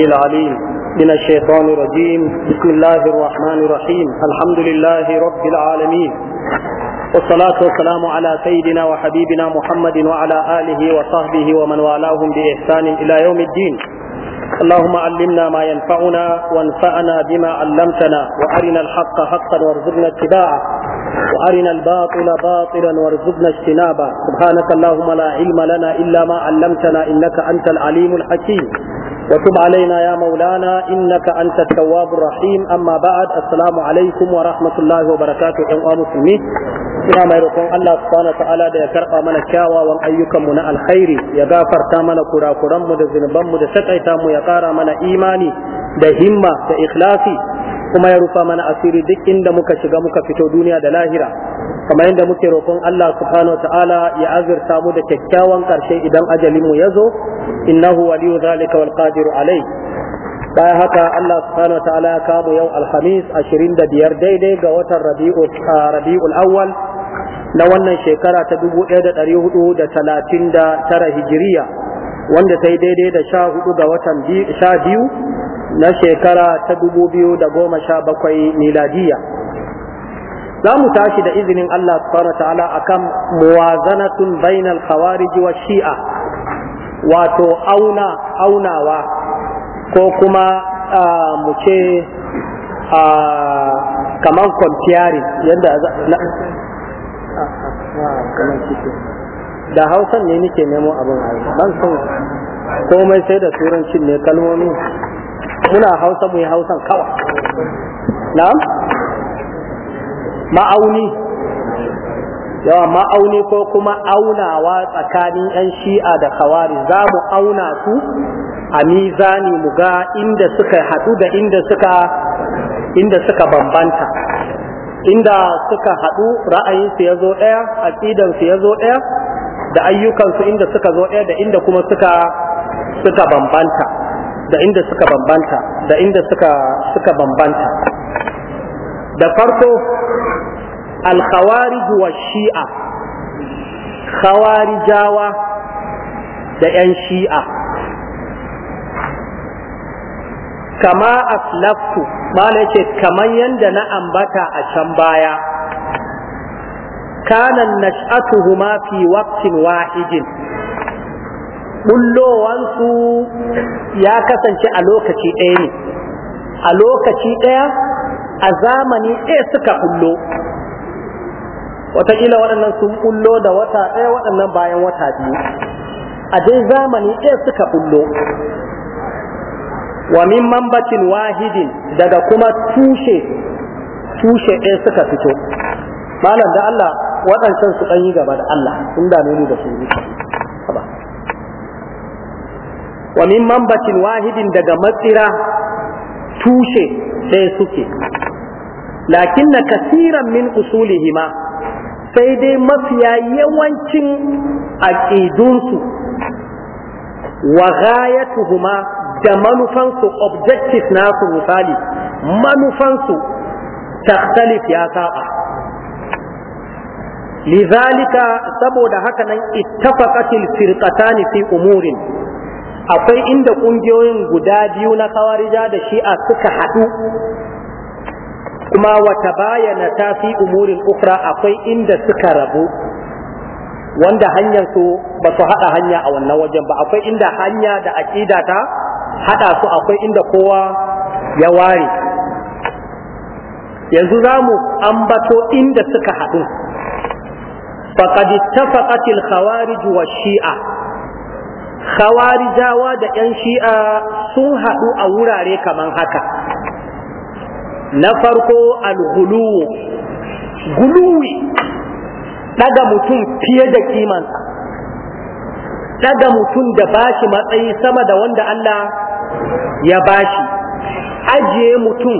العليم من الشيطان الرجيم بسم الله الرحمن الرحيم الحمد لله رب العالمين والصلاة والسلام على سيدنا وحبيبنا محمد وعلى آله وصحبه ومن والاهم بإحسان إلى يوم الدين اللهم علمنا ما ينفعنا وانفعنا بما علمتنا وأرنا الحق حقا وارزقنا اتباعه وأرنا الباطل باطلا وارزقنا اجتنابه سبحانك اللهم لا علم لنا إلا ما علمتنا إنك أنت العليم الحكيم وتب علينا يا مولانا إنك أنت التواب الرحيم أما بعد السلام عليكم ورحمة الله وبركاته يا musulmi ina mai roƙon Allah subhanahu wa ta'ala da ya karɓa mana kyawawan ayyukanmu na alkhairi ya gafarta mana kura kurakuranmu da zunubanmu da takaita mu ya kara mana imani da himma da ikhlasi kuma ya rufa mana asiri duk inda muka shiga muka fito duniya da lahira kamar yadda muke roƙon Allah subhanahu wa ta'ala ya azurta mu da kyakkyawan karshe idan ajalinmu ya zo, innahu waliyu zalika wal qadiru alai bayan haka Allah subhanahu wa ta'ala ya kamu yau alhamis 25 daidai ga watan rabi'ul rabi'ul awwal na wannan shekara ta 1439 hijiriya wanda ta yi daidai da sha hudu ga watan sha biyu na shekara ta dubu biyu da goma sha bakwai miladiya za mu tashi da izinin Allah subhanahu wa ta'ala akan muwazanatun bainal khawarij wa shi'a wato auna aunawa ko kuma mu ce kaman kwamfiyari yadda da hausan ne nake nemo abin a ban son komai sai da turancin ne kalmomi muna hausa mu yi hausan kawa na ma'auni yawa ma'auni ko kuma aunawa tsakanin 'yan shi'a da kawari za mu auna su a mizani mu ga inda suka haɗu da inda suka inda suka bambanta inda suka haɗu ra'ayinsu ya zo ɗaya su ya zo ɗaya da ayyukansu inda suka zo ɗaya da inda kuma suka suka bambanta da inda suka bambanta da inda suka suka bambanta da farko al-khawarij wa shi'a khawarijawa da yan shi'a kama aslaftu mala yace kaman yanda na ambata a can baya kanan nash'atuhuma fi waqtin wahidin bullowansu ya kasance a lokaci ɗaya ne a lokaci ɗaya a zamani ɗaya suka bullo watakila waɗannan sun bullo da wata ɗaya waɗannan bayan wata biyu a dai zamani ɗaya suka bullo wa min mambacin wahidin daga kuma tushe tushe ɗaya suka fito malam da Allah waɗancan su ɗan gaba da Allah sun dame ni da su wa min mambacin wahidin daga matsira tushe sai suke lakin na kasiran min usulihima sai dai mafiya yawancin aƙidunsu wa tuhuma da manufansu objectives nasu misali manufansu takhtalif ya saba لذلك saboda haka nan ittafaqatil firqatani fi umurin akwai inda ƙungiyoyin guda biyu na kawarija da shi'a suka haɗu kuma wata bayana ta fi umurin ukra akwai inda suka rabu wanda hanyar su ba su haɗa hanya a wannan wajen ba akwai inda hanya da aƙida ta haɗa su akwai inda kowa ya ware yanzu za mu ambato inda suka haɗu faƙad ittafaqat al-khawarij wa shi'a khawarijawa da 'yan shi'a sun haɗu a wurare kaman haka na farko al guluwi ɗaga mutum fiye da kimansa ɗaga mutum da bashi matsayi sama da wanda Allah ya bashi ajiye mutum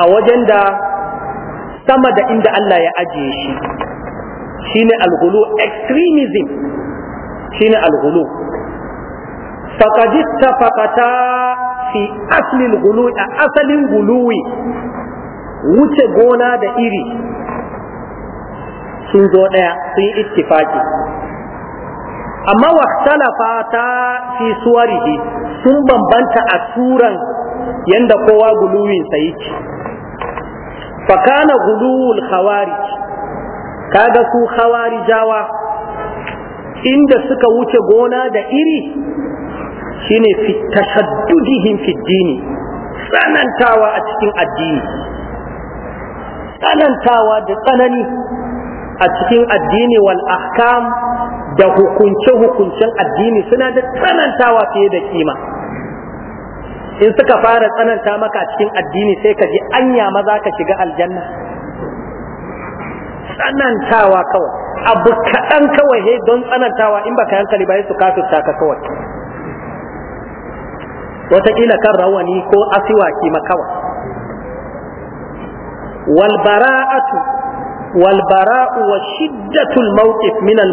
a wajen da sama da inda Allah ya ajiye shi shine al extremism shine al-ghulu faqad ittafaqata fi asli al a asalin guluwi wuce gona da iri sun zo daya sun yi ittifaki amma waxtalafa ta fi suwarihi sun bambanta a turan yanda kowa guluwin sa yake fakana guluwul khawarij kaga su khawarijawa inda suka wuce gona da iri shine fi tashaddudihim fi dini tsanantawa a cikin addini tsanantawa da tsanani a cikin addini wal ahkam da hukunce-hukuncen addini suna da tsanantawa fiye da kima in suka fara tsananta maka a cikin addini sai ka ji anya maza ka shiga aljanna tsanantawa kawai abu kaɗan kawai he don tsanantawa in baka hankali ba su kafirta ka kawai wataƙila kan rawani ko asiwaki makawa walbara'atu walbara'u wa shiddatul mawqif min al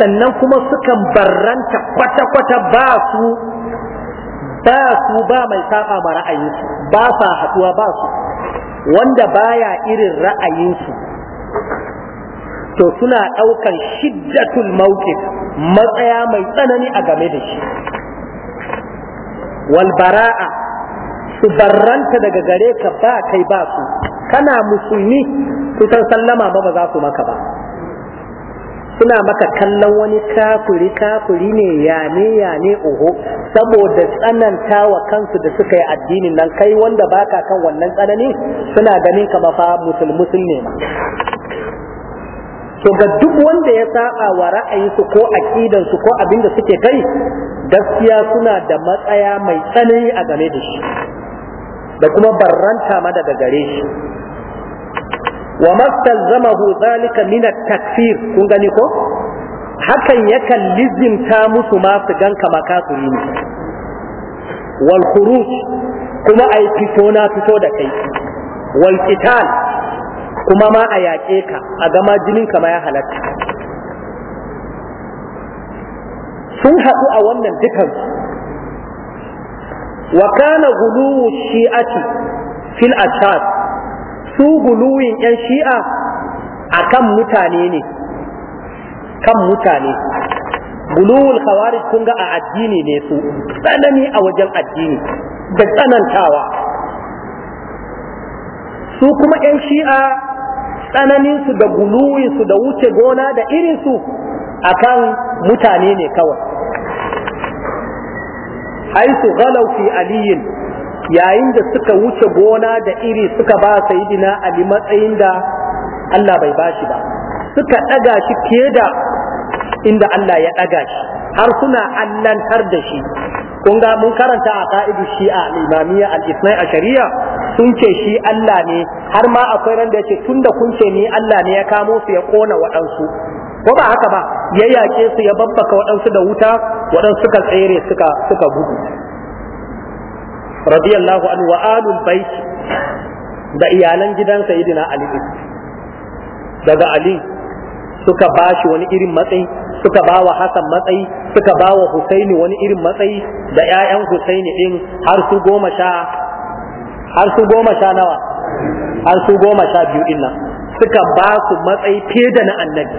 sannan kuma sukan barranta kwata-kwata ba su ba su ba mai saba ma ra'ayinsu ba sa haɗuwa ba su wanda baya irin ra'ayinsu to suna ɗaukan shiddatul mawqif matsaya mai tsanani a game da shi wal bara'a su barranta daga gare ka ba kai ba su kana musulmi kusan sallama ba ba za su maka ba suna maka kallon wani kafiri kafiri ne ya ne ya ne oho saboda tsananta wa kansu da suka yi addinin nan kai wanda baka kan wannan tsanani suna ganin ka fa musulmusul ne ma to ga duk wanda ya saba wa ra'ayinsu ko aqidansu ko abin da suke kai gaskiya suna da matsaya mai tsanani a game da shi da kuma barranta ma daga gare shi wa mastalzamahu zalika min at-takfir kun gani ko hakan yakan lizimta musu ma su ganka makafiri ne wal khuruj kuma ai fito na fito da kai wal qital kuma ma a yaƙe ka a gama jinin ka ma ya halatta sun haɗu a wannan dukansu wa kana guluwu shi'ati fil ashab su guluwin 'yan shi'a a kan mutane ne kan mutane guluwul khawarij kun ga a addini ne su tsanani a wajen addini da tsanantawa su kuma 'yan shi'a tsananinsu da su da wuce gona da irinsu a kan mutane ne kawai haisu galau fi aliyin yayin da suka wuce gona da iri suka ba sayidina ali matsayin da Allah bai bashi ba suka ɗaga shi fiye da inda Allah ya ɗaga shi har suna allantar da shi kun ga mun karanta a ka'idu shi a imamiyya al-isnai a shari'a sun ce shi Allah ne har ma akwai ran da yace da kun ce ni Allah ne ya kamo su ya kona waɗansu ko ba haka ba ya yaƙe su ya babbaka waɗansu da wuta waɗansu suka tsere suka suka gudu radiyallahu anhu wa alul bait da iyalan gidan sayyidina ali daga ali suka bashi wani irin matsayi suka bawa hasan matsayi suka bawa husaini wani irin matsayi da ƴaƴan husaini din har su goma sha har su goma sha nawa har su goma sha biyu din suka ba su matsayi fiye da na annabi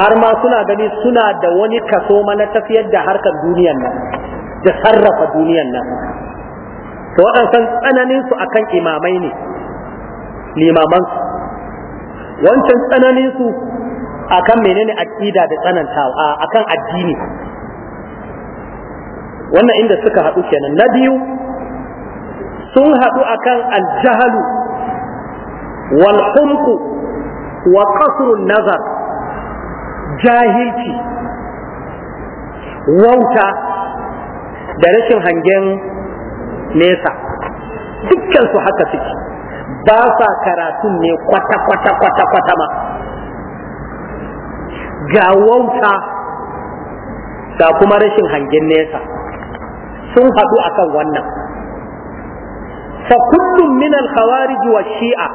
har ma suna gani suna da wani kaso mana tafiyar da harkar duniyar nan da sarrafa duniyan nan to waɗansan tsananin su akan imamai ne limaman su wancan tsananin su akan menene aƙida da tsanantawa akan addini wannan inda suka haɗu kenan na biyu sun haɗu akan aljahalu wal humku wa qasrun nazar jahilci wauta da rashin hangen nesa dukkan su haka suke ba sa karatun ne kwata kwata kwata kwata ma ga wauta ga kuma rashin hangen nesa sun haɗu akan wannan fa kullum min al wa shi'a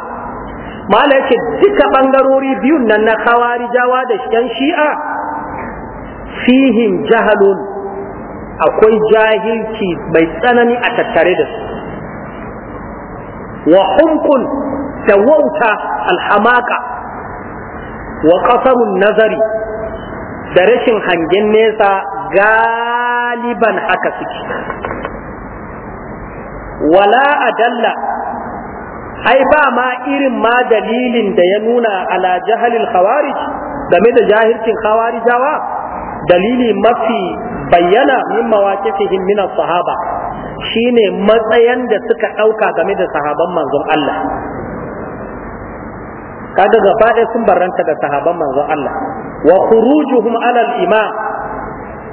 mala yace duka bangarori biyun nan na khawarijawa da yan shi'a fihim jahalun akwai jahilci mai tsanani a tattare da su wa humkun da wauta alhamaka wa ƙasarun nazari da rashin hangen nesa galiban haka suke wala adalla ai ba ma irin ma dalilin da ya nuna ala jahalil khawarij game da jahilcin khawarijawa dalili mafi bayyana min mawaqifihim min sahaba shine matsayin da suka ɗauka game da sahaban manzon Allah kaga gaba ɗaya sun barranta da sahaban manzon Allah wa khurujuhum ala al-imam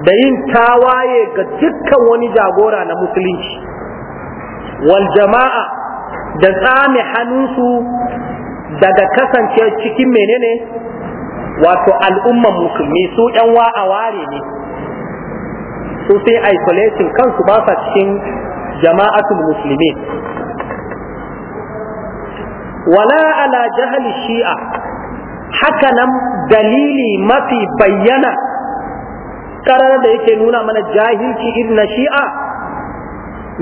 da yin tawaye ga dukkan wani jagora na musulunci wal jama'a da tsame hannunsu daga kasance cikin menene wato al'umman musulmi su yan wa a ware ne su sai isolation kansu ba sa cikin jama'atul muslimin wala ala jahali shi'a haka nan dalili mafi bayyana karar da yake nuna mana jahilci irin shi'a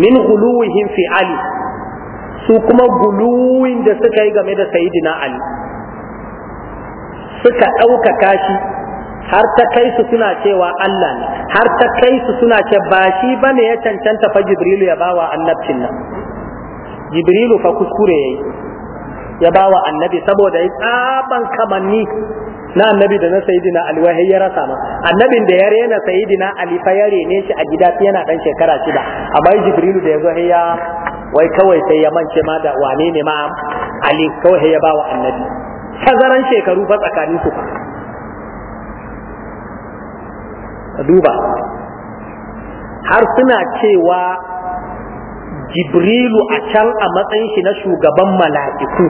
min guluwihim fi ali su kuma guluwin da suka yi game da sayidina ali suka ɗaukaka shi har ta kai su suna cewa Allah ne har ta kai su suna ce ba shi ba ne ya cancanta fa jibrilu ya bawa annabcin nan jibrilu fa kuskure yayi ya bawa annabi saboda ya tsaban kamanni na annabi da na sayidina ali ya rasa ma annabin da ya rena sayidina ali fa ya rene shi a gida yana dan shekara shida amma jibrilu da ya zo ya wai kawai sai ya mance ma da wane ne ma ali kawai ya bawa annabi tazaran shekaru fa tsakanin su fa duba har suna cewa jibrilu a can a matsayin shi na shugaban mala'iku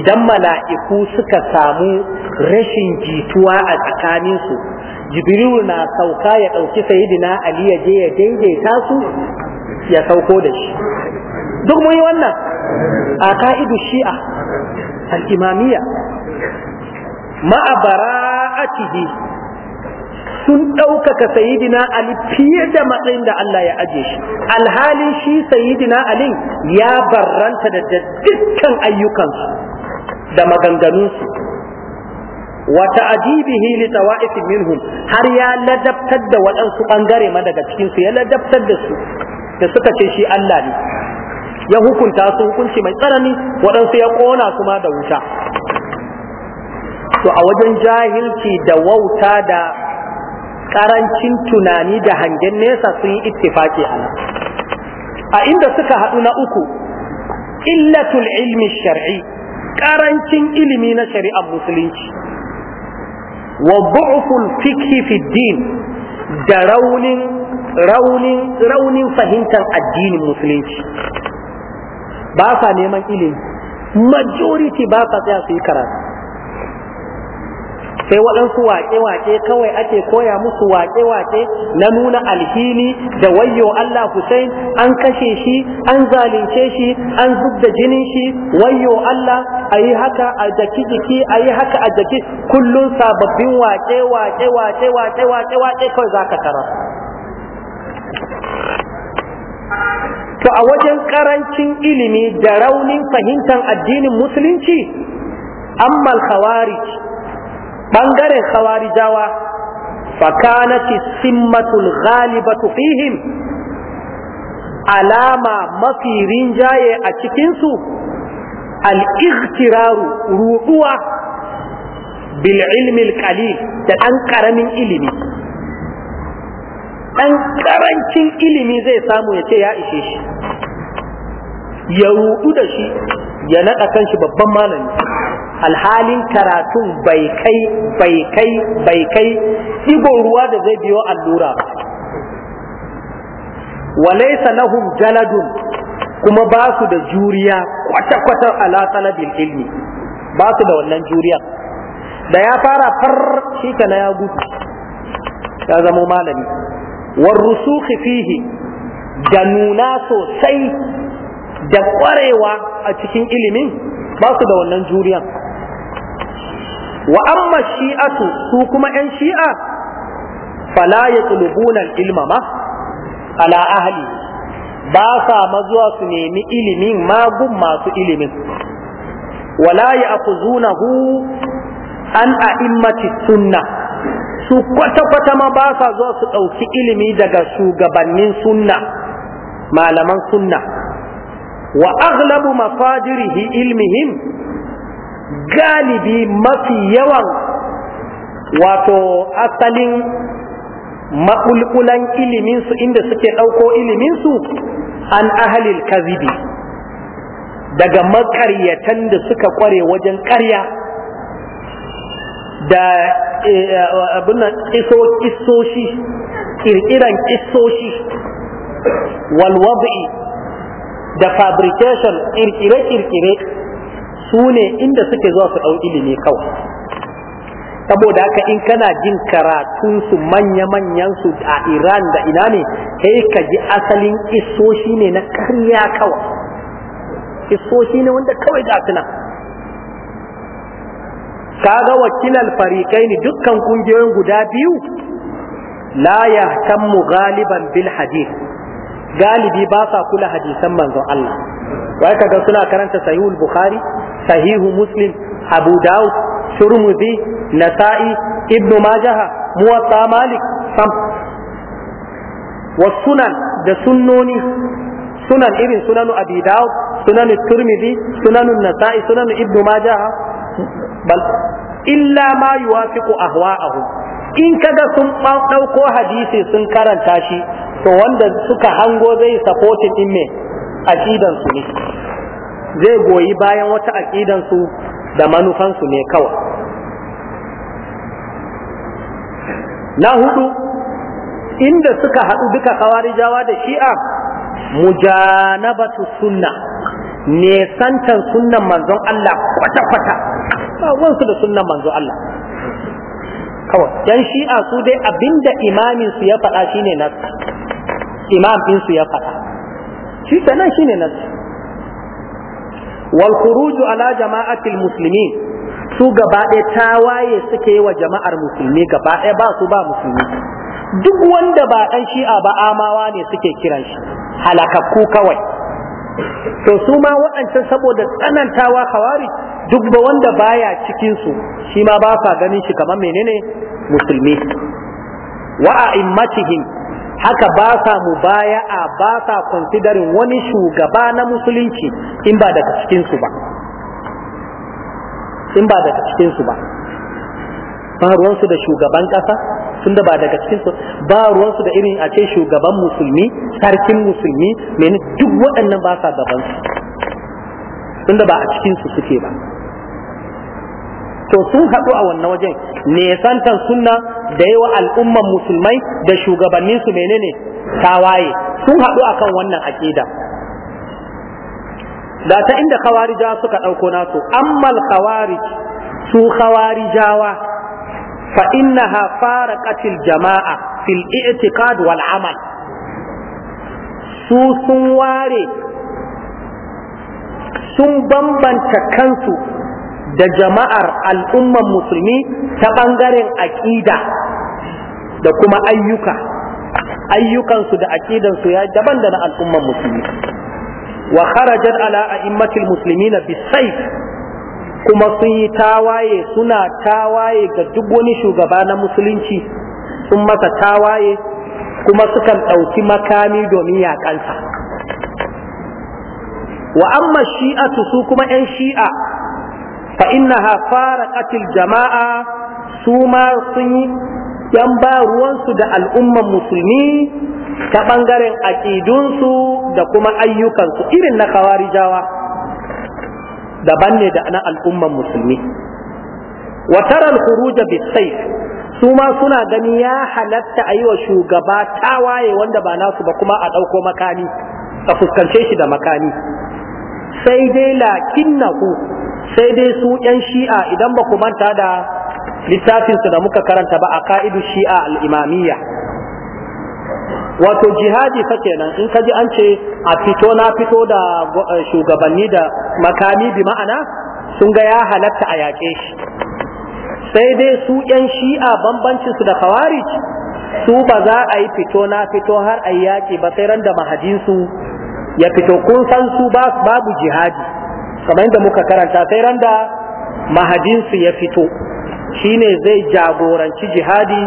idan mala'iku suka samu rashin jituwa a tsakaninsu jibrilu na sauka ya ɗauki sayidina ali ya je ya daidaita su ya sauko da shi duk mun yi wannan a ka'idu shi'a al'imamiyya ma'a bara'atihi sun ɗaukaka sayidina Ali fiye da matsayin da Allah ya aje shi alhalin shi sayidina Ali ya barranta da dukkan ayyukansu da maganganunsu Wata ta'jibihi li tawa'if minhum har ya ladabtar da waɗansu ɓangare ma daga cikinsu, ya ladabtar da su da suka ce shi Allah ne ya hukunta su hukunci mai tsanani waɗansu ya ƙona su ma da wuta to a wajen jahilci da wauta da karancin tunani da hangen nesa sun yi ittifaki a nan a inda suka haɗu na uku illatul ilmi shar'i karancin ilimi na shari'ar musulunci wa bu'ful fikhi fi din da raunin raunin raunin fahimtar addinin musulunci ba sa neman ilimi majority ba sa tsaya su yi karatu sai waɗansu waƙe-waƙe kawai ake koya musu waƙe-waƙe na nuna alhini da wayo Allah Hussein an kashe shi an zalunce shi an zub da jinin shi wayo Allah a yi haka a jaki jiki a yi haka a jaki kullum sababbin waƙe-waƙe waƙe-waƙe waƙe-waƙe kawai za ka tara to a wajen karancin ilimi da raunin fahimtar addinin musulunci amma khawarij ɓangaren khawarijawa fakanati simmatul ghalibatu fihim alama mafi rinjaye a cikinsu al'iktiraru ruɗuwa bil ilmil qalil da ɗan ƙaramin ilimi ɗan ƙarancin ilimi zai samu ya ce ya ishe shi ya ruɗu da shi ya naɗa kan shi babban malami alhalin karatun bai kai bai kai bai kai digon ruwa da zai biyo allura ba walaysa sanahun jaladun kuma ba su da juriya kwata-kwata ala talabil ilmi ba su da wannan juriya da ya fara far shi na ya gudu ya zama malami war fihi da nuna sosai da kwarewa a cikin ilimin ba su da wannan juriyan wa amma shi'atu su kuma yan shi'a fala yatlubuna ilma ma ala ahli ba sa mazuwa su nemi ilimin magun masu ilimin wala ya'khuzunahu an a'immati sunna su kwata-kwata ma ba sa zuwa su ɗauki ilimi daga shugabannin sunna malaman sunna wa aghlabu mafadirihi ilmihim galibi mafi yawan wato asalin maɓulɓulan iliminsu inda suke ɗauko iliminsu an ahalil kazibi daga makaryatan da suka ƙware wajen ƙarya, da e, e, abinan isoshi kirkiran isoshi walwabi da fabrication ƙirƙire-ƙirƙire. su ne inda suke zuwa su ɗau ilimi kawai saboda haka in kana jin karatun su manya manyan su a iran da ina ne sai ka ji asalin isoshi ne na karya kawai isoshi ne wanda kawai ga suna kaga wakilal farikai ne dukkan kungiyoyin guda biyu la ya mu galiban bil hadith galibi ba sa kula hadisan manzon Allah wai kaga suna karanta sahihul bukhari sahihu muslim abu daud turmudi nasa'i ibnu majaha muwatta malik sam sunan da sunnoni sunan irin sunanu abi daud sunanu turmidi sunanu nasa'i sunanu ibnu majaha bal illa ma yuwafiqu ahwa'ahum in kaga sun ɗauko hadisi sun karanta shi to wanda suka hango zai supporting din me aqidan ne zai goyi bayan wata aƙidansu da manufansu ne kawai na hudu inda suka haɗu duka kawarijawa da shi'a mujanabatu sunna ne santan sunnan manzon Allah kwata-kwata ba wansu da sunnan manzon Allah kawai dan shi'a su dai abinda imamin su ya faɗa shine nas imam din su ya faɗa shi sanan shine nas wal khuruj ala jama'atil muslimin su gaba ɗaya tawaye suke wa jama'ar musulmi gaba ɗaya ba su ba musulmi duk wanda ba ɗan shi'a ba amawa ne suke kiran shi halakakku kawai to su ma waɗancan saboda tsanantawa kawari duk ba wanda baya cikin su shi ma ba sa ganin shi kamar menene musulmi wa a'immatihim haka ba sa mu baya a ba sa considering wani shugaba na musulunci in ba daga cikin su ba in ba daga cikin su ba ba su da shugaban ƙasa da ba daga cikin su ba ruwansu da irin a ce shugaban musulmi sarkin musulmi mene duk waɗannan ba sa gaban su da ba a cikin su suke ba to sun haɗu a wannan wajen nesantan sunna da yawa al'umman musulmai da shugabannin su menene tawaye sun haɗu akan wannan aƙida da ta inda khawarija suka ɗauko nasu ammal khawarij su khawarijawa fa innaha faraqatil jama'a fil i'tiqad wal amal su sun ware sun bambanta kansu da jama'ar al'umman musulmi ta ɓangaren aƙida da kuma ayyuka ayyukansu da aƙidansu ya daban da na al'umman musulmi wa kharajat ala a'immatil muslimina bisayf kuma sun yi tawaye suna tawaye ga duk wani shugaba na musulunci sun masa tawaye kuma sukan ɗauki makami domin yaƙansa wa amma shi'atu su kuma 'yan shi'a fa innaha faraqatil jama'a su ma sun yi yan ba ruwansu da al'umman musulmi ta ɓangaren aƙidunsu da kuma ayyukansu irin na kawarijawa daban ne da na al'umman musulmi wataran tara al su ma suna gani ya halatta a yi wa shugaba tawaye wanda ba nasu ba kuma a ɗauko makami a fuskance shi da makami sai dai lakinnahu sai dai su ‘yan shi'a idan ba ku manta da littafinsu da muka karanta ba a ka'idu shi'a al'imamiyya wato jihadi fa kenan in ka ji an ce a fito na fito da eh, shugabanni da makami bi ma'ana sun ga ya halatta a yaƙe shi sai dai su ƴan shi'a bambancin su da khawarij su ba za a yi fito na fito har a yaƙi ba sai ran da mahajinsu ya fito kun san su babu jihadi kamar yadda muka karanta sai ran da mahajinsu ya fito shine zai jagoranci jihadi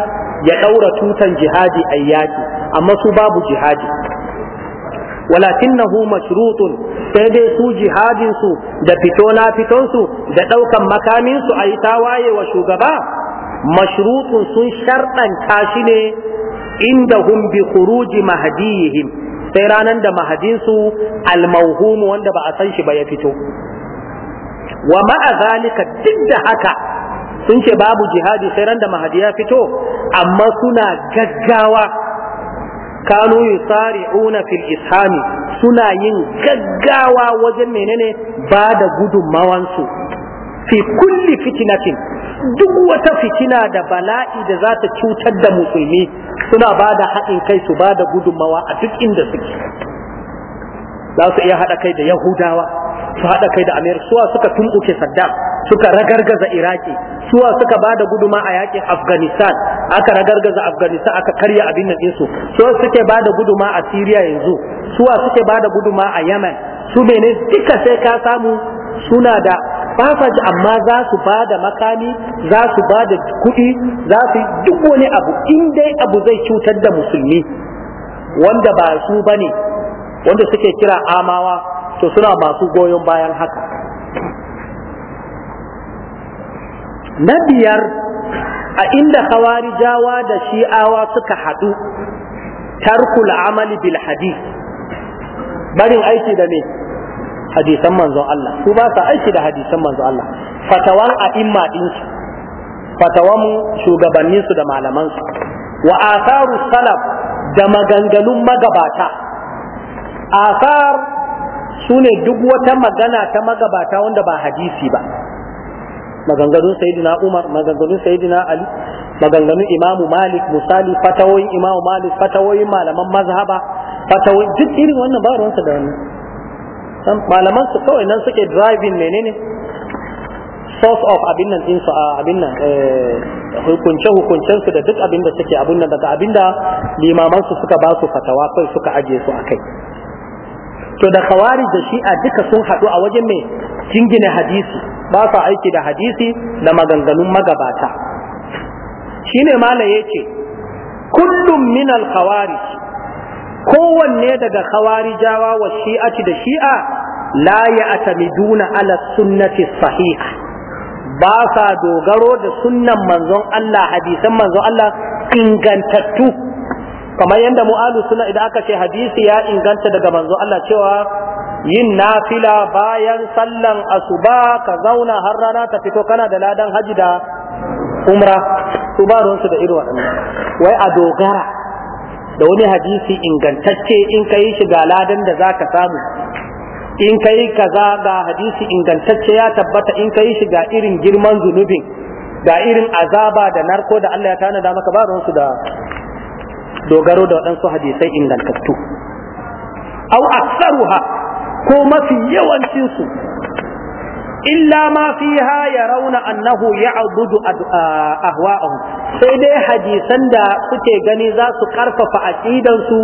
ya ɗaura tutan jihadi a yaƙi amma su babu jihadi walakinnahu mashrutun sai dai su jihadin su da fito na fiton su da daukan makamin su ayi tawaye wa shugaba mashrutun sun sharɗan shi ne inda hum bi khuruji mahdiyihim sai ranan da mahadin su almauhumu wanda ba a san shi ba ya fito wa ma'a zalika duk da haka sun ce babu jihadi sai ran da mahadi ya fito amma suna gaggawa kanu yusari'una fil ishami suna yin gaggawa wajen menene ba da gudunmawansu fi kulli fitinatin duk wata fitina da bala'i da za ta cutar da musulmi suna ba da haɗin kai su ba da gudunmawa a duk inda suke za su iya haɗa kai da yahudawa su haɗa kai da amerika suwa suka tumɓuke saddam suka ragargaza iraki suwa suka ba da guduma a yakin afghanistan aka ragargaza afghanistan aka karya abin nan ɗinsu suwa suke ba da guduma a syria yanzu suwa suke ba da guduma a yemen su mene duka sai ka samu suna da fafaji amma za su ba da makami za su ba da kuɗi za su yi duk wani abu in dai abu zai cutar da musulmi wanda ba su ba ne wanda suke kira amawa to suna masu goyon bayan haka na biyar a inda khawarijawa da shi'awa suka haɗu tarkul amali bil barin aiki da ne, hadisan manzon Allah su ba sa aiki da hadisan manzon Allah fatawan a'imma ɗinsu fatawan shugabanninsu da malamansu wa asaru salaf da maganganun magabata asar su ne duk wata magana ta magabata wanda ba hadisi ba maganganun sayyidina umar maganganun sayyidina ali maganganun imamu malik misali fatawoyin imamu malik fatawoyin malaman mazhaba fatawoyin duk irin wannan ba ruwansa da wannan malaman su kawai nan suke driving menene source of abin nan din su a abin nan hukunce eh, hukuncen su da duk abin da suke abin nan daga abin da limaman su suka ba su fatawa kai suka aje su akai to da kawari da shi'a duka sun haɗu a wajen mai jingina hadisi ba sa aiki da hadisi da maganganun magabata Shi shine mala yace kullum min al kowanne daga jawa wa shi'aci da shi'a la atamiduna ala sunnati sahiha ba sa dogaro da sunnan manzon Allah hadisan manzon Allah ingantattu kamar yadda mu'alu suna idan aka ce hadisi ya inganta daga manzo Allah cewa yin nafila bayan sallan asuba ka zauna har rana ta fito kana da ladan haji da umra su ba ruwansu da irin waɗannan wai a dogara da wani hadisi ingantacce in ka yi shi ga ladan da za ka samu in ka yi kaza ga hadisi ingantacce ya tabbata in ka yi shi ga irin girman zunubin ga irin azaba da narko da Allah ya tanada maka ba ruwansu da dogaro da waɗansu hadisai ingantattu au aksaruha ko mafi yawancinsu illa ma fiha yarawna annahu ya'budu ahwa'ahum sai dai hadisan da suke gani za su karfafa aqidan su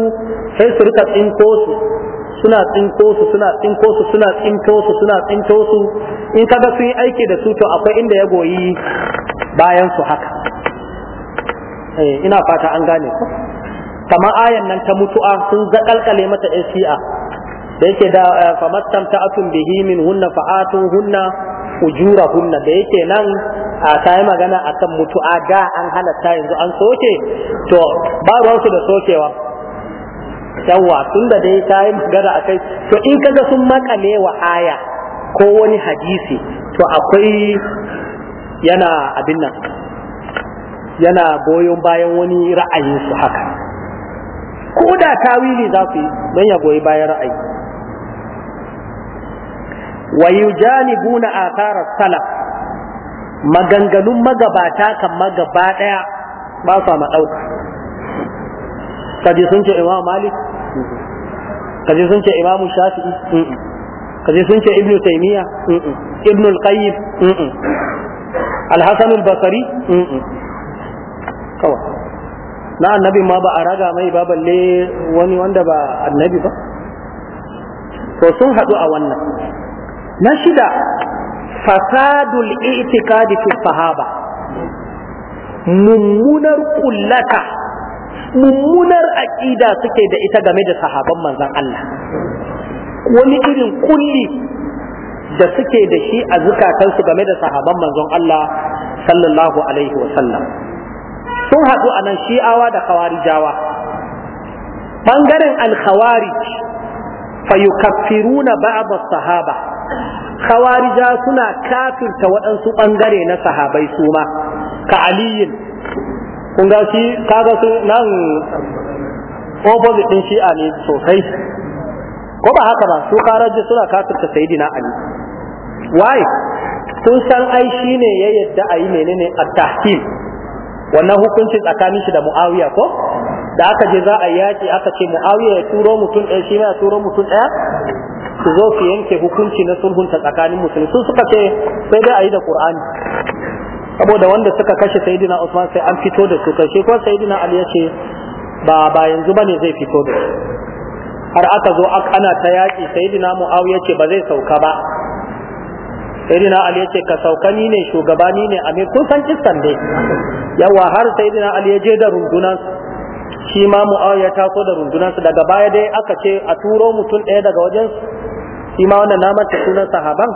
sai su rika tsinko su suna tsinko su suna tsinko su suna tsinko su suna tsinko su in kaga sun yi aiki da su to akwai inda ya goyi bayan su haka eh, ina fata an gane ku kamar ayan nan ta mutu'a sun zakalkale mata ɗan shi'a da yake da eh, ta ta'atun bihi min hunna fa'atun hunna ujura hunna da yake nan a kayi magana akan mutu'a da an halatta yanzu an soke to ba ruwansu da sokewa yawa tun da dai yi magana akai to in kaga sun makale wa aya ko wani hadisi to akwai yana abin nan yana goyon bayan wani ra'ayinsu haka ko da tawili za su yi don ya goyi bayan ra'ayi wa a tara salaf maganganun magabata kan magaba daya ba su ma dauka kaje sun ce imam malik kaje sun ce imam shafi'i kaje sun ce ibnu taimiyya ibnu al-qayyim al kawai na annabi ma ba a raga mai ba balle wani wanda ba annabi ba to sun haɗu a wannan na shida fasadul i'tiqadi fi sahaba mummunar kullata mummunar aqida suke da ita game da sahaban manzon Allah wani irin kulli da suke da shi a zukatansu game da sahaban manzon Allah sallallahu alaihi wa sallam sun haɗu a nan shi'awa da khawarijawa ɓangaren al-khawarij fa yukaffiruna ba'd as-sahaba khawarija suna kafirta waɗansu ɓangare na sahabai su ma ka aliyin kun ga shi kaga su nan opposite din shi'a ne sosai ko ba haka ba su kharaji suna kafirta sayyidina ali why sun san ai shine ya yadda ayi menene at-tahkim wannan hukuncin tsakanin shi da muawiya ko da aka je za a yaki aka ce muawiya ya turo mutum ɗaya shi ya turo mutum ɗaya su zo su yanke hukunci na sulhunta tsakanin musulmi su suka ce sai dai a yi da qur'ani saboda wanda suka kashe sayyidina usman sai an fito da su kashe ko sayyidina ali ya ce ba ba yanzu bane zai fito da har aka zo ana ta yaki sayyidina muawiya ce ba zai sauka ba sayyidina ali yace ka saukani ne ni ne amir kun san kissan dai yawa har sayyidina ali ya je da rundunan shi ma muawiya ta da rundunar su daga baya dai aka ce a turo mutum ɗaya daga wajen shi ma wannan namar ta sunan sahaban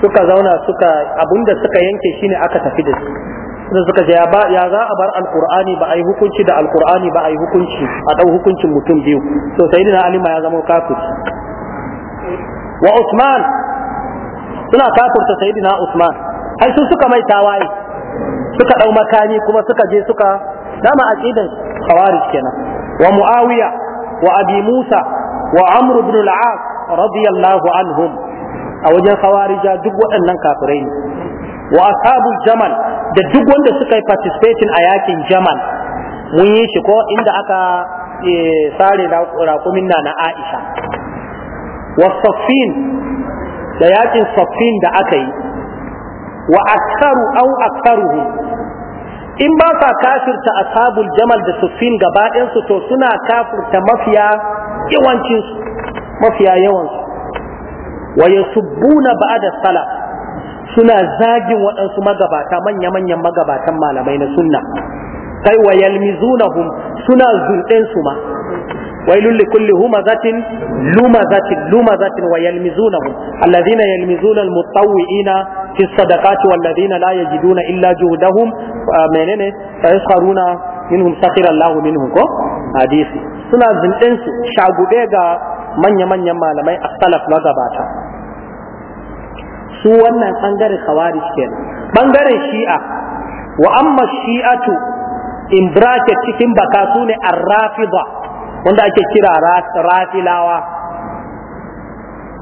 suka zauna suka da suka yanke shine aka tafi da su. sun suka ce ya za a bar alkur'ani ba a yi hukunci da alkur'ani ba a yi hukunci a ɗau hukuncin mutum biyu to sai Ali alima ya zama kafir wa usman suna kafurta sayyidina Usman ai su suka mai tawaye suka dau makami kuma suka je suka dama aqidan khawarij kenan wa Muawiya wa Abi Musa wa Amr ibn al-As radiyallahu anhum a wajen khawarija duk waɗannan kafirai ne wa ashabul jamal da duk wanda suka yi participating a yakin jamal mun yi shi ko inda aka eh, sare rakumin na na Aisha wa saffin da yakin saffin da aka yi wa aksaru au aksaruhu in ba sa kafirta ashabul jamal da saffin gabaɗinsu to suna kafirta mafiya yawancinsu mafiya yawansu wa yasubbuna ba'da salat suna zagin waɗansu magabata manya-manyan magabatan malamai na sunna kai wa yalmizunahum suna zulɗin su ma ويل لكل همزة لمزة لمزة ويلمزونهم الذين يلمزون المطوئين في الصدقات والذين لا يجدون إلا جهدهم آه، منين فيسخرون منهم سخر الله منهم كو حديث سنا زنتن شاغوبه غا من يمن يمال ماي اختلف مذهبات su wannan ɓangaren khawarij ke ɓangaren shi'a wa amma shi'atu in bracket cikin baka wanda ake kira rafilawa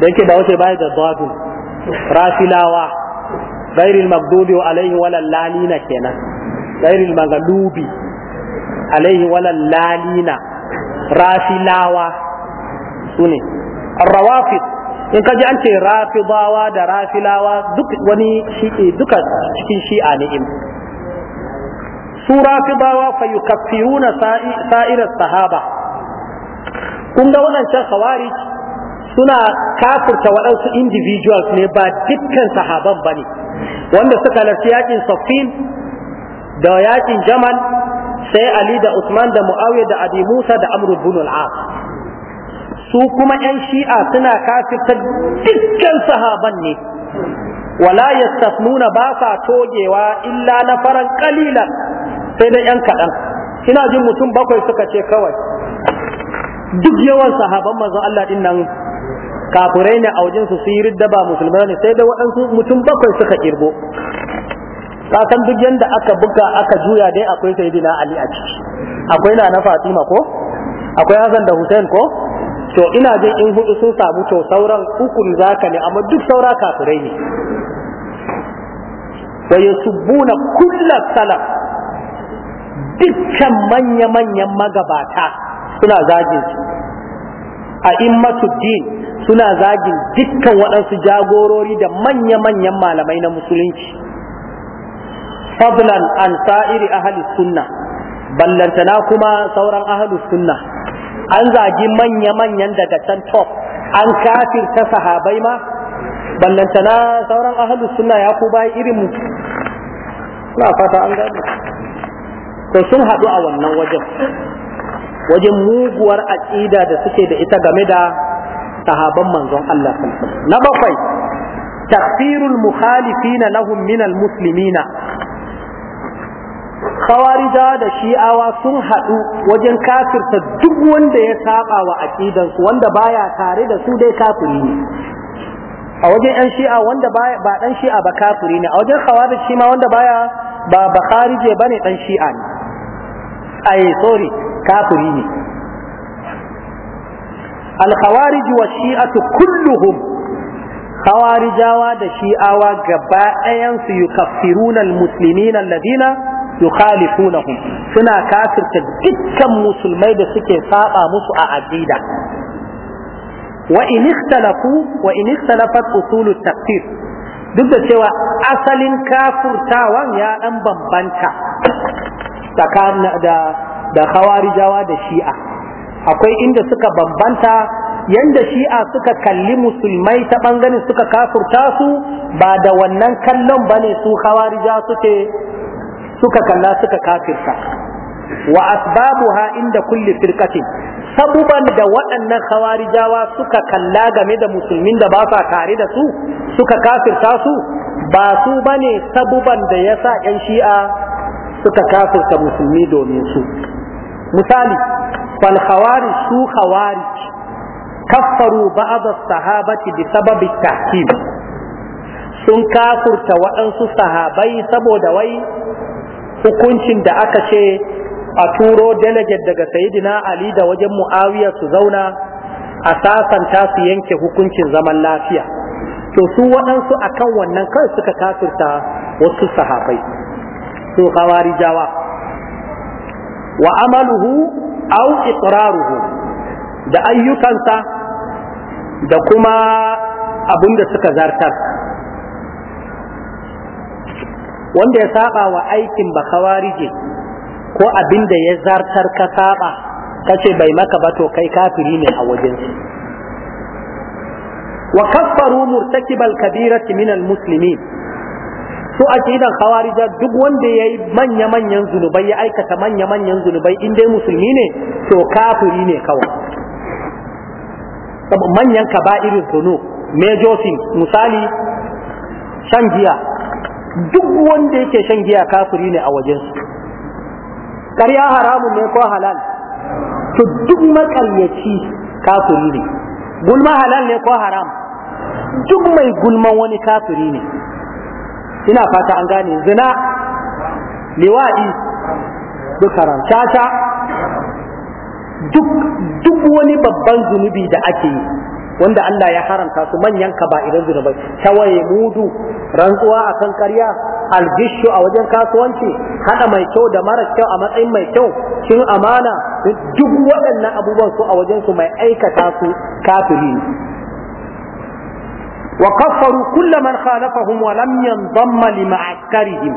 da yake ba wuce bai da zabu rafilawa ghairil maghdubi alaihi walal lalina kenan ghairil maghdubi alaihi walal lalina rafilawa sune الروافض in ka ji an ce rafidawa da rafilawa duk wani shi'i duka cikin shi'a ne in su rafidawa fa yukaffiruna sa'ira sahaba kun ga waɗancan suna kafirta waɗansu individuals ne ba dukkan sahaban ba ne wanda suka larci yakin safin da yakin jamal sai ali da usman da muawiya da abi musa da amru ibn al-as su kuma yan shi'a suna kafirta dukkan sahaban ne wala yastafnuna ba sa togewa illa na faran kalilan sai da yan kaɗan kina jin mutum bakwai suka ce kawai duk yawan sahaban manzon Allah din nan kafirai ne a wajen su su yi ridda ba musulmai ne sai da waɗansu mutum bakwai suka kirgo kasan duk yadda aka buga aka juya dai akwai sayyidina Ali a ciki akwai na na Fatima ko akwai Hassan da Hussein ko to ina jin in hudu sun samu to sauran hukun zaka ne amma duk saura kafirai ne wa buna kullu salaf dukkan manya-manyan magabata suna zagin su a immatuddin suna zagin dukkan waɗansu jagorori da manya-manyan malamai na musulunci fadlan an sa'iri ahli sunna ballantana kuma sauran ahli sunna an zagi manya-manyan daga can top an ta sahabai ma ballantana sauran ahli sunna ya ku bayi irin mu suna fata an gani to sun haɗu a wannan wajen wajen muguwar aƙida da suke da ita game da sahaban manzon Allah na bakwai takfirul mukhalifina lahum minal muslimina khawarija da shi'awa sun haɗu wajen kafirta duk wanda ya saba wa aqidansu wanda baya tare da su dai kafiri ne a wajen yan shi'a wanda ba dan shi'a ba kafiri ne a wajen khawarij shi ma wanda baya ba ba kharije bane dan shi'a ne ai sorry kafiri ne al-khawarij wa shi'atu kulluhum khawarijawa da shi'awa gaba ɗayan su yukaffiruna al-muslimin alladhina yukhalifunahum suna kafirta dukkan musulmai da suke saɓa musu a aqida wa in ikhtalafu wa in duk da cewa asalin kafurtawan ya dan bambanta tsakanin da da khawarijawa da shi'a akwai inda suka bambanta yanda shi'a suka kalli musulmai ta bangaren suka kafurta su ba da wannan kallon bane su khawarija suke suka kalla suka kafirta wa asbabuha inda kulli firqatin sabuban da waɗannan khawarijawa suka kalla game da musulmin da ba sa tare da su suka kafirta su ba su bane sabuban da yasa 'yan shi'a suka kafirta musulmi domin su misali fal khawari su khawari kaffaru ba'd as-sahabati bi sababi tahkim sun kafurta waɗansu sahabai saboda wai hukuncin da aka ce a turo delegate daga sayidina ali da wajen muawiya su zauna a sasanta su yanke hukuncin zaman lafiya to su waɗansu akan wannan kai suka kafirta wasu sahabai su khawari jawa wa amaluhu au iqraruhu da ayyukansa da kuma abin da suka zartar wanda ya saba wa aikin ba kawarije ko abin da ya zartar ka saba kace bai maka ba to kai kafiri ne a wajensu wa kaffaru murtakibal kabirati minal muslimin a ce idan khawarija duk wanda ya yi manya manyan zunubai ya aikata manya manyan zunubai in dai musulmi ne to kafiri ne kawai manyan ka ba irin tono major sin misali shan giya duk wanda yake shan giya kafiri ne a wajensu ƙarya haramun ne ko halal to duk makaryaci kafiri ne gulma halal ne ko haram duk mai gulman wani kafiri ne ina fata an gane zina liwaɗi duk haram caca duk wani babban zunubi da ake yi wanda Allah ya haramta su manyan kaba'irin zunubai tawaye mudu rantsuwa a kan karya algishu a wajen kasuwanci hada mai kyau da mara kyau a matsayin mai kyau cin amana duk waɗannan abubuwan su a wajen su mai aikata su kafiri وكفروا كل من خالفهم ولم ينضم لمعسكرهم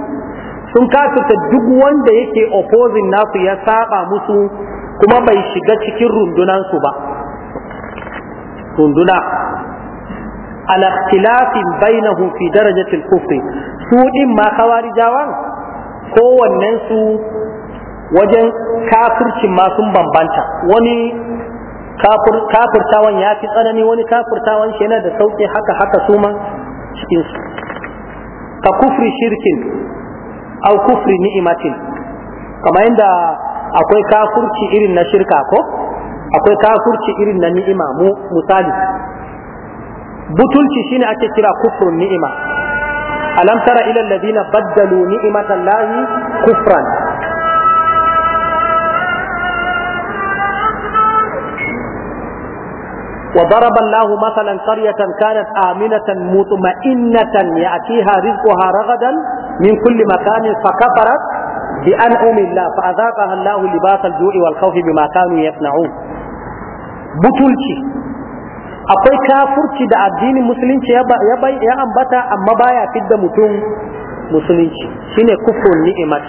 sun kasuta duk wanda yake opposing nasu ya saba musu kuma bai shiga cikin rundunansu ba runduna ala ikhtilafin bainahum fi darajatil kufri su din ma khawarijawan kowannen su wajen kafircin ma sun bambanta wani kafirtawan ya fi tsanani wani kafirtawan shi yana da sauƙi haka haka su ma cikinsu ka kufri shirkin au kufri ni'imatin kamar yadda akwai kafurci irin na shirka ko akwai kafurci irin na ni'ima mu misali butulci shine ake kira kufrun ni'ima alam tara ila alladhina baddalu allahi kufran وضرب الله مثلا قرية كانت آمنة مطمئنة يأتيها رزقها رغدا من كل مكان فكفرت بأنعم الله فأذاقها الله لباس الجوع والخوف بما كانوا يصنعون بطلتي akwai kafurci da addinin musulunci ya ambata amma baya fidda mutum musulunci shine kufrun ni'imat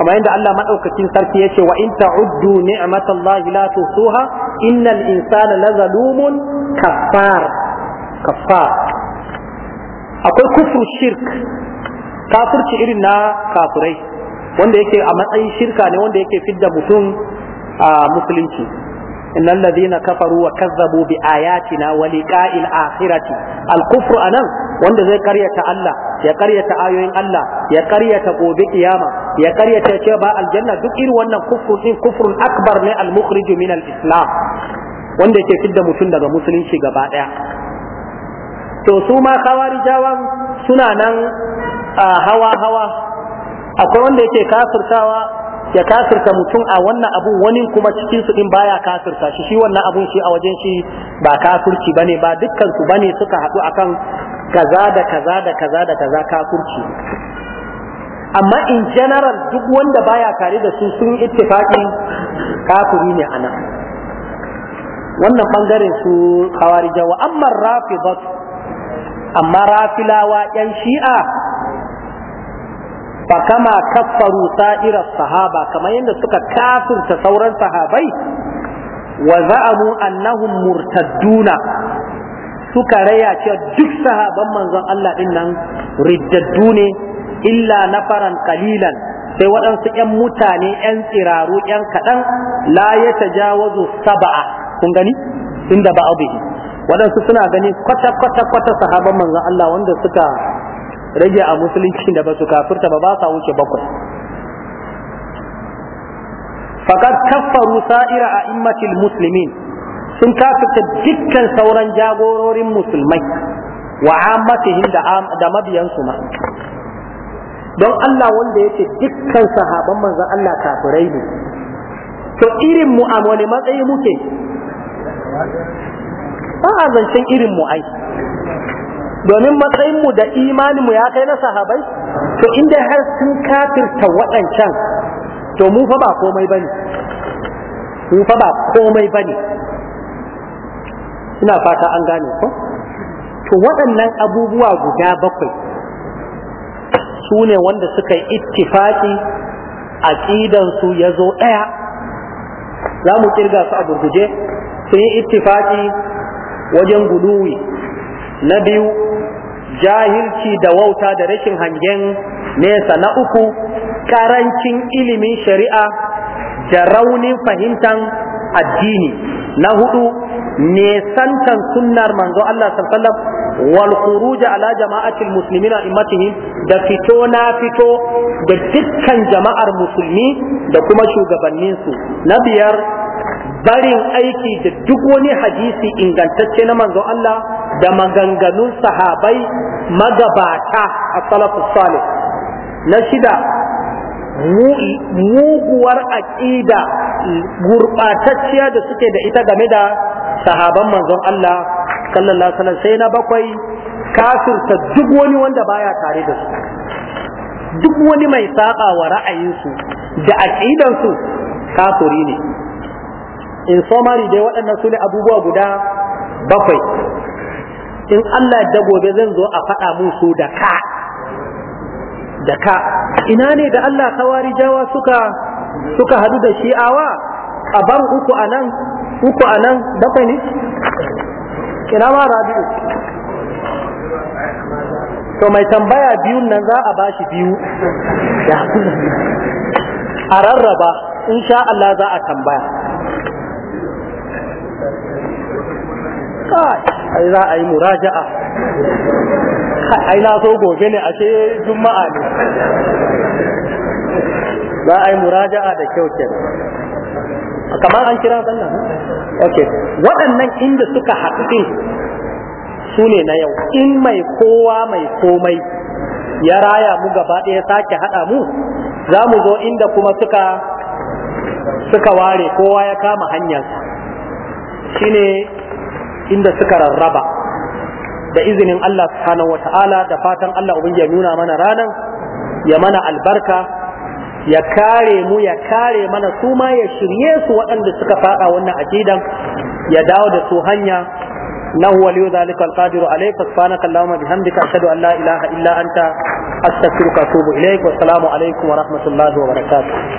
kamar yadda Allah madaukakin sarki yace wa in ta'uddu ni'matallahi la tuhsuha innal insana lazalumun kafar kafar akwai kufru shirk kafirci irin na kafurai. wanda yake a matsayin shirka ne wanda yake fidda mutum a musulunci innal ladhina kafaru wa kazzabu bi ayatina wa liqa'il akhirati al kufru anan wanda zai karyata Allah ya karyata ayoyin Allah ya karyata gobe kiyama ya karyata ce ba aljanna duk irin wannan din kufrun akbar ne al mukhriju min al islam wanda yake fidda mutum daga musulunci gaba daya to su ma khawarijawan suna nan hawa hawa akwai wanda yake kafirtawa ya kafirta mutum a wannan abun wani kuma cikin su din baya kafirta shi shi wannan abun shi a wajen shi ba kafirci bane ba dukkan su bane suka haɗu akan kaza da kaza da kaza da kaza kafirci amma in general duk wanda baya tare da su sun ittifaqi kafiri ne ana wannan bangaren su khawarija wa amma rafidat amma rafilawa yan shi'a fa kama kaffaru sa'ira sahaba kamar yadda suka kafirta sauran sahabai wa za'amu annahum murtadduna suka raya cewa duk sahaban manzon Allah din nan riddaddu ne illa nafaran kalilan sai waɗansu 'yan mutane 'yan tsiraru 'yan kaɗan la ya tajawazu saba'a kun gani inda ba abihi waɗansu suna gani kwata kwata kwata sahaban manzon Allah wanda suka rage a musulunci da ba su kafirta ba ba sa wuce bakwai faqad kafaru sa'ira a'immatil muslimin sun kafirta dukkan sauran jagororin musulmai wa ammatihim da mabiyansu ma don Allah wanda ya ce dukkan sahaban manzan Allah kafirai ne to irin mu a wani matsayi muke ba a zancen irin mu ai domin matsayinmu da imanin mu ya kai na sahabai to inda har sun kafirta waɗancan to mu fa ba komai bane mu fa ba komai bane ina fata an gane ko to waɗannan abubuwa guda bakwai su ne wanda suka yi ittifaki ƙidansu ya zo ɗaya za mu kirga su a gurguje sun yi ittifaki wajen guduwi. na biyu jahilci da wauta da rashin hangen nesa na uku karancin ilimin shari'a da raunin fahimtan addini na hudu nesantan sunnar manzo Allah sallallahu wal khuruj ala jama'atil muslimina immatihim da fito na fito da dukkan jama'ar musulmi da kuma shugabannin su na biyar barin aiki da duk wani hadisi ingantacce na manzo Allah da maganganun sahabai magabata a salafus salih na shida muguwar aƙida gurɓatacciya da suke da ita game da sahaban manzon Allah sallallahu alaihi wasallam sai na bakwai kafirta duk wani wanda baya tare da su duk wani mai saba wa ra'ayinsu da aƙidansu kafiri ne in somari dai waɗannan su ne abubuwa guda bakwai in Allah da gobe zan zo a faɗa musu da ka da ka ina ne da Allah kawarijawa suka suka hadu da shi'awa a bar uku a nan uku a nan bakwai ne kira ma rabi'u to mai tambaya biyun nan za a bashi biyu da a rarraba insha Allah za a tambaya ai za a yi muraja'a ai na so gobe ne ashe juma'a ne za a yi muraja'a da kyau kenan kamar an kira nan, okay waɗannan inda suka haɗu din su ne na yau in mai kowa mai komai ya raya mu gaba ɗaya sake haɗa mu za mu zo inda kuma suka suka ware kowa ya kama shi shine inda suka rarraba da izinin Allah subhanahu wa ta'ala da fatan Allah ubin ya nuna mana ranan ya mana albarka ya kare mu ya kare mana su ma ya shirye su waɗanda suka faɗa wannan aqidan ya dawo da su hanya nahu waliyu zalika alqadiru alayhi subhanaka allahumma bihamdika ashhadu an la ilaha illa anta astaghfiruka wa atubu ilayk wa alaikum wa rahmatullahi wa barakatuh